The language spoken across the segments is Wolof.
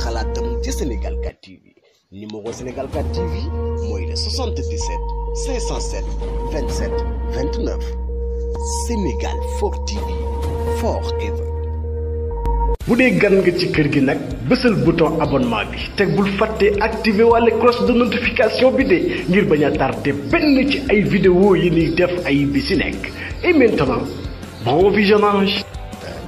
xalaatam ci Sénégal 4 TV numéro Sénégal 4 TV mooy le 77 507 27 29 Sénégal 4 TV forever. bu dee gan nga ci kër gi nag bouton abonnement bi teg bul fàtte activé walla cloche de notification bi de ngir bañ a tardé benn ci ay vidéo yi ni def ay bi si et maintenant bon visionnage.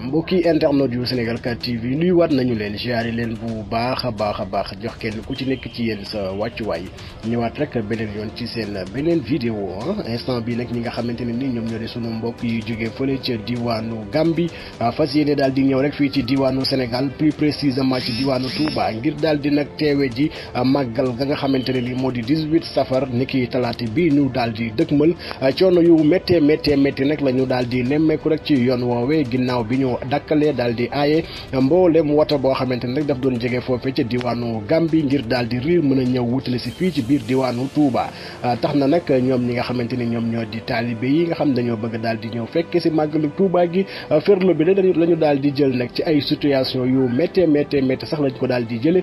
mbokki internautes yu Sénégal 4 TV nuy waat nañu leen ziare leen bu baax a baax a baax jox kenn ku ci nekk ci yéen sa wàccuwaay ñëwaat rek beneen yoon ci seen beneen vidéo ah. instant bi nag ñi nga xamante ne ni ñoom ñoo di mbokk yu jógee fële ca diwaanu Gambie ah, fas yéene daal di ñëw rek fii ci diwaanu Sénégal plus précisément ci diwaanu Touba ngir daal di nag teewe ji ah, màggal ga nga xamante ne ni moo di 18 safar niki talaata bi ñu daal di dëkkmal coono yu méttee méttee métti nag la ñu daal di nemmeeku rek ci yoon woowee ginnaaw bi ñu ñu dakkalee daal di aaye mboolem woto boo xamante ne rek daf doon jege foofe ca diwaanu Gàmbi ngir daal di riir mën a ñëw wutale si fii ci biir diwaanu tuubaa ah, tax na nag ñoom ñi nga xamante ni ñoom ñoo di taalibe yi nga xam dañoo bëgg daal di ñëw fekke si lu tuubaa gi ah, ferlo bi de dañu la ñu daal di jël nag ci ay situation yu méttee méttee méttee sax lañ ko daal di jële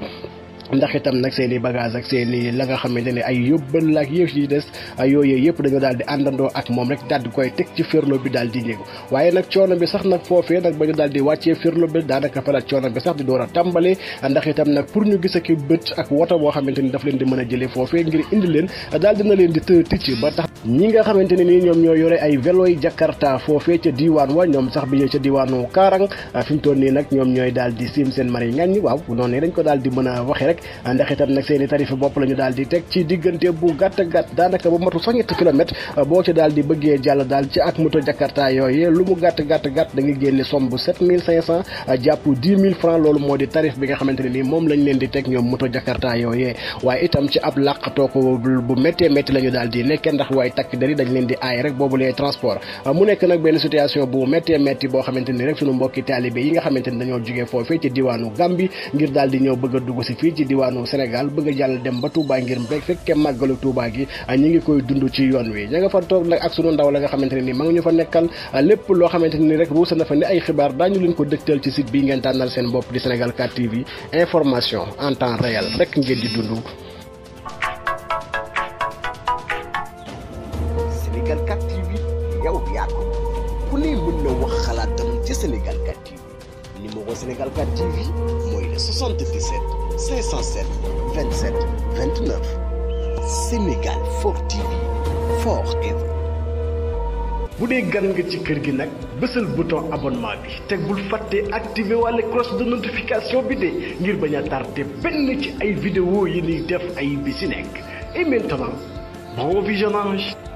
ndax itam nag seeni bagage ak seeni la nga xamante ne ay la ak yëf yi des yooyu yëpp dañoo daal di àndandoo ak moom rek daal di koy teg ci firlo bi daal di ñëw waaye nag coono bi sax nag foofee nag ba ñu daal di wàccee firlo bi daanaka fa la coono bi sax di door a tàmbale ndax itam nag pour ñu gis ak bët ak woto boo xamante daf leen di mën a jëlee foofee ngir indi leen daal dina leen di tëë ticc ba tax ñi nga xamante ne nii ñoom ñoo ay vélo yi jakarta foofee ca diwaan wa ñoom sax bi ñëw ca diwaanu karang fi mu nii nag ñoom ñooy daal di siim seen mari ngañ waaw noonu dañ ko daal di mën a rek ndax itam nak seeni tarif bop lañu daldi tek ci digënté bu gatt gàtt daanaka bu matu 100 km bo ci daldi bëggé bëggee dal ci ak moto jakarta yoyé lu mu gatt gatt gatt da nga génné sombu 7500 japp 10000 francs lolu modi tarif bi nga xamanteni ni mom lañ leen di tek ñom moto jakarta yoyé waaye itam ci ab làqatoo ko bu méttee metti lañu daldi nek di ndax waaye takk dari dañ leen di ay rek bobu lay transport euh, mu nek nak benn situation bu méttee metti bo xamanteni rek suñu mbokki talibé yi nga xamanteni ni dañoo jógee ci diwanu gambi ngir daldi di bëgg dugg ci fi ci diwaanu Sénégal bëgg a jàll dem ba Touba ngir mbéy fekke màggalu Touba gi ñi ngi koy dund ci yoon wi ña nga fa toog nag ak sunu ndaw la nga xamante ne nii ma nga ñu fa nekkal lépp loo xamante ni rek ruusa na fa ne ay xibaar daañu leen ko dëgtal ci site bi ngeen tànnal seen bopp di Sénégal 4 TV information en temps réel rek ngeen di dund. Sénégal ci Sénégal numéro Sénégal 4 TV mooy 67 77 507 27 29 Sénégal 4 TV forever. bu dee gan nga ci kër gi sur le bouton abonnement bi teg bul fàttee activer. cloche de notification bi de ngir bañ a tardé benn ci ay vidéo yi def ay et maintenant bon visionnage.